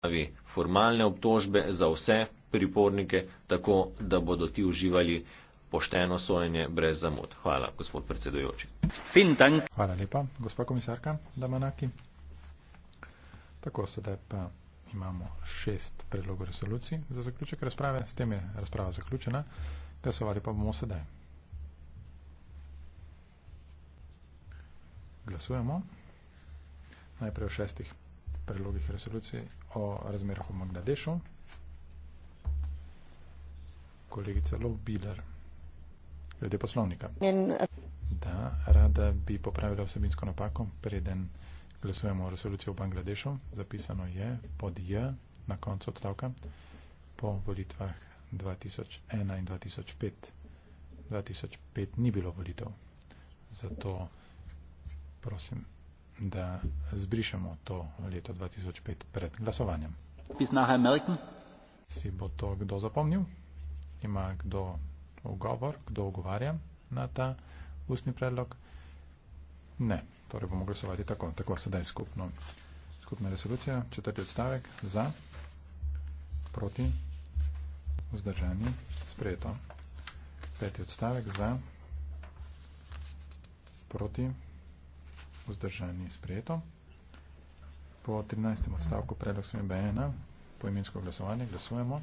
pravi formalne obtožbe za vse pripornike, tako da bodo ti uživali pošteno sojenje brez zamud. Hvala, gospod predsedujoči. Fintank. Hvala lepa, gospod komisarka Lamanaki. Tako, sedaj pa imamo šest predlogov resolucij za zaključek razprave. S tem je razprava zaključena. Glasovali pa bomo sedaj. Glasujemo. Najprej o šestih predlogih resolucij o razmerah v Bangladešu. Kolegica Lovbiler, glede poslovnika. Eh, da, rada bi popravila vsebinsko napako, preden glasujemo o resoluciji v Bangladešu. Zapisano je pod J na koncu odstavka po volitvah 2001 in 2005. 2005 ni bilo volitev. Zato, prosim, da zbrišemo to leto 2005 pred glasovanjem. Si bo to kdo zapomnil? Ima kdo ugovor, kdo ugovarja na ta ustni predlog? Ne, torej bomo glasovali tako, tako sedaj skupno. Skupna resolucija, četrti odstavek, za, proti, vzdržani, sprejeto. Peti odstavek, za, proti, vzdržani vzdržani sprejeto. Po 13. odstavku predlog smembe 1 po imensko glasovanje glasujemo.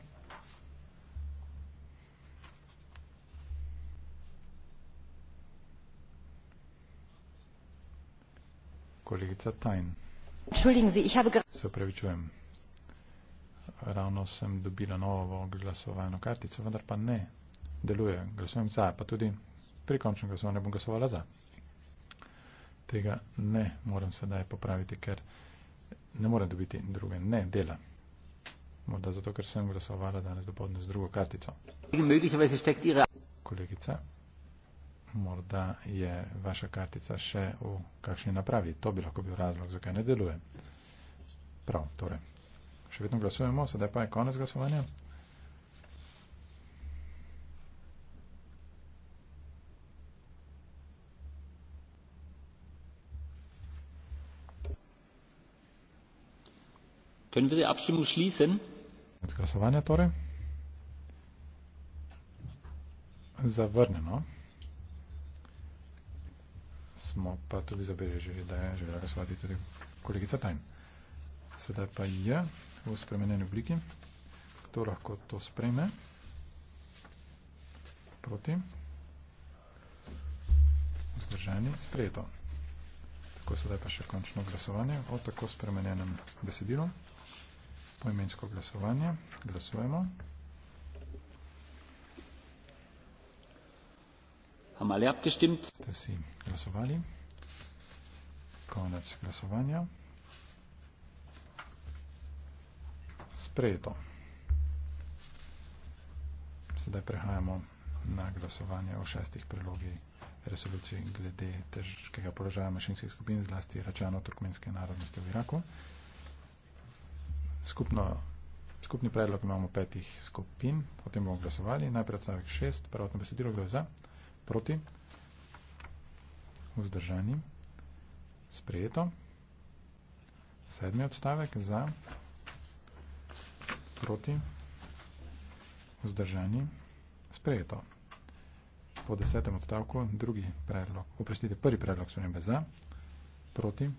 Kolegica Tajn. Se upravičujem. Ravno sem dobila novo glasovalno kartico, vendar pa ne. Deluje. Glasujem za, pa tudi pri končnem glasovanju bom glasovala za tega ne moram sedaj popraviti, ker ne morem dobiti druge ne dela. Morda zato, ker sem glasovala danes dopoledne z drugo kartico. Kolegica, morda je vaša kartica še v kakšni napravi. To bi lahko bil razlog, zakaj ne deluje. Prav, torej. Še vedno glasujemo, sedaj pa je konec glasovanja. können wir die Abstimmung schließen? Glasovanje torej. Zavrnjeno. Smo pa tudi zabeležili, da je želela glasovati tudi kolegica Tajn. Sedaj pa je v spremenjeni obliki. Kdo lahko to sprejme? Proti. Vzdržani. Sprejeto ko sedaj pa še končno glasovanje o tako spremenjenem besedilu. Poimensko glasovanje. Glasujemo. Amalja, abgestimmt. Ste vsi glasovali. Konec glasovanja. Sprejeto. Sedaj prehajamo na glasovanje o šestih prilogih resoluciji glede težkega položaja manjšinskih skupin, zlasti račano turkmenske narodnosti v Iraku. Skupno, skupni predlog imamo petih skupin, o tem bomo glasovali. Najprej odstavek šest, prvotno besedilo, kdo je za, proti, vzdržani, sprejeto. Sedmi odstavek za, proti, vzdržani, sprejeto po desetem odstavku drugi predlog, oprostite, prvi predlog spremembe za, proti,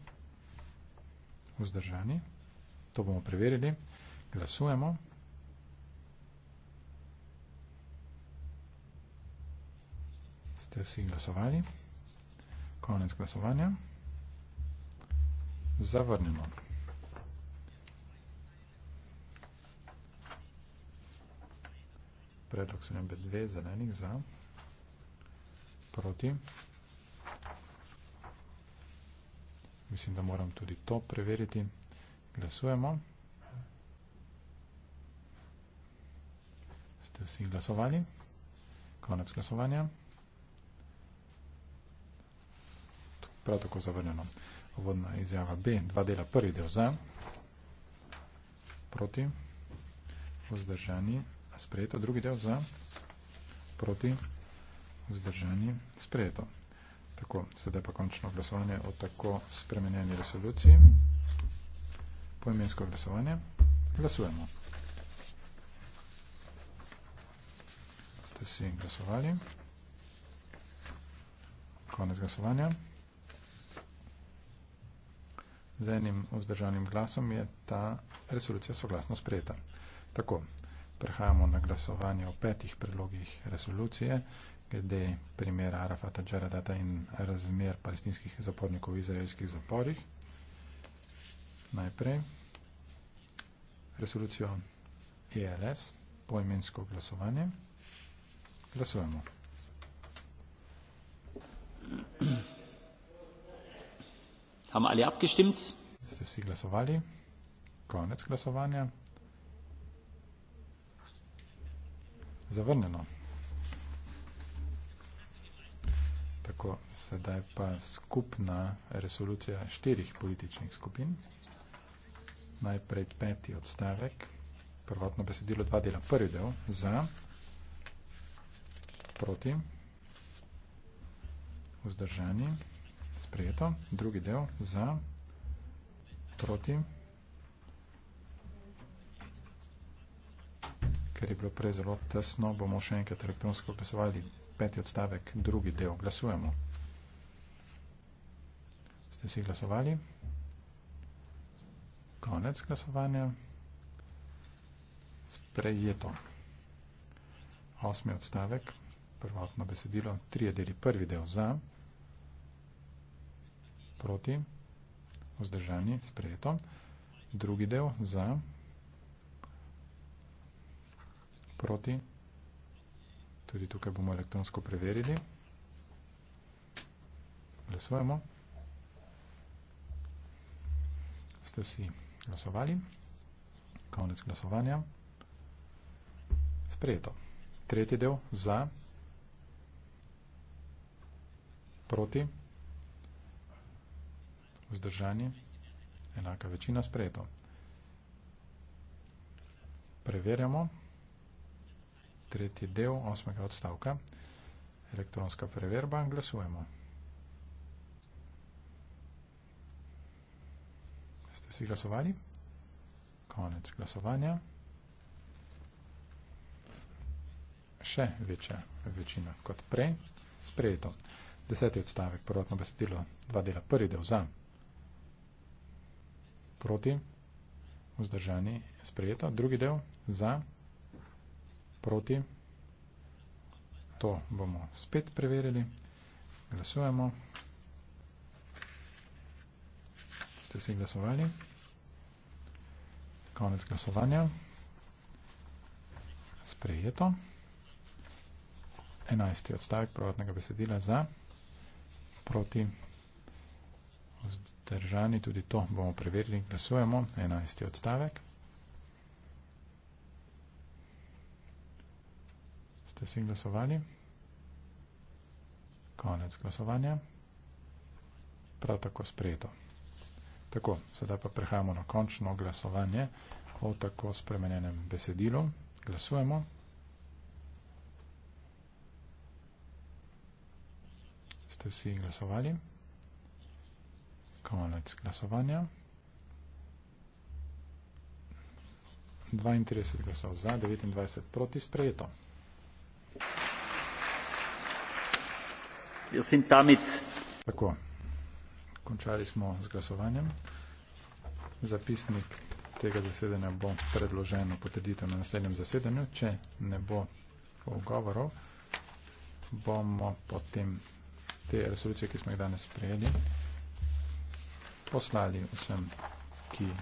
vzdržani. To bomo preverili. Glasujemo. Ste vsi glasovali. Konec glasovanja. Zavrnjeno. Predlog se nam bi dve zelenih za proti. Mislim, da moram tudi to preveriti. Glasujemo. Ste vsi glasovali? Konec glasovanja. Prav tako zavrnjeno. Uvodna izjava B. Dva dela. Prvi del za. Proti. Vzdržani. Sprejeto. Drugi del za. Proti. Proti vzdržani, sprejeto. Tako, sedaj pa končno glasovanje o tako spremenjeni resoluciji. Poimensko glasovanje. Glasujemo. Ste si glasovali. Konec glasovanja. Z enim vzdržanim glasom je ta resolucija soglasno sprejeta. Tako, prehajamo na glasovanje o petih predlogih resolucije, glede primera Arafata Džaradata in razmer palestinskih zapornikov v izraelskih zaporih. Najprej resolucijo ELS, poimensko glasovanje. Glasujemo. Haben alle abgestimmt? Ste vsi glasovali? Konec glasovanja. Zavrneno. Tako, sedaj pa skupna resolucija štirih političnih skupin. Najprej peti odstavek, prvotno besedilo dva dela. Prvi del za, proti, vzdržani, sprejeto. Drugi del za, proti, ker je bilo prej zelo tesno, bomo še enkrat elektronsko glasovali peti odstavek, drugi del. Glasujemo. Ste vsi glasovali? Konec glasovanja. Sprejeto. Osmi odstavek, prvotno besedilo, tri deli, prvi del za, proti, vzdržani, sprejeto. Drugi del za, proti, vzdržani. Tudi tukaj bomo elektronsko preverili. Glasujemo. Ste vsi glasovali? Konec glasovanja. Sprejeto. Tretji del za. Proti. Vzdržanje. Enaka večina sprejeto. Preverjamo. Preverjamo tretji del osmega odstavka. Elektronska preverba, glasujemo. Ste si glasovali? Konec glasovanja. Še večja večina kot prej. Sprejeto. Deseti odstavek, prvotno besedilo, dva dela, prvi del za, proti, vzdržani, sprejeto, drugi del za, proti, proti. To bomo spet preverili. Glasujemo. Ste vsi glasovali? Konec glasovanja. Sprejeto. 11. odstavek prvotnega besedila za. Proti. Vzdržani tudi to bomo preverili. Glasujemo. 11. odstavek. ste si glasovali. Konec glasovanja. Prav tako sprejeto. Tako, sedaj pa prehajamo na končno glasovanje o tako spremenjenem besedilu. Glasujemo. Ste vsi glasovali? Konec glasovanja. 32 glasov za, 29 proti sprejeto. Wir sind damit. Tako. Končali smo z glasovanjem. Zapisnik tega zasedanja bo predložen v potreditev na naslednjem zasedanju. Če ne bo ogovorov, bomo potem te resolucije, ki smo jih danes sprejeli, poslali vsem, ki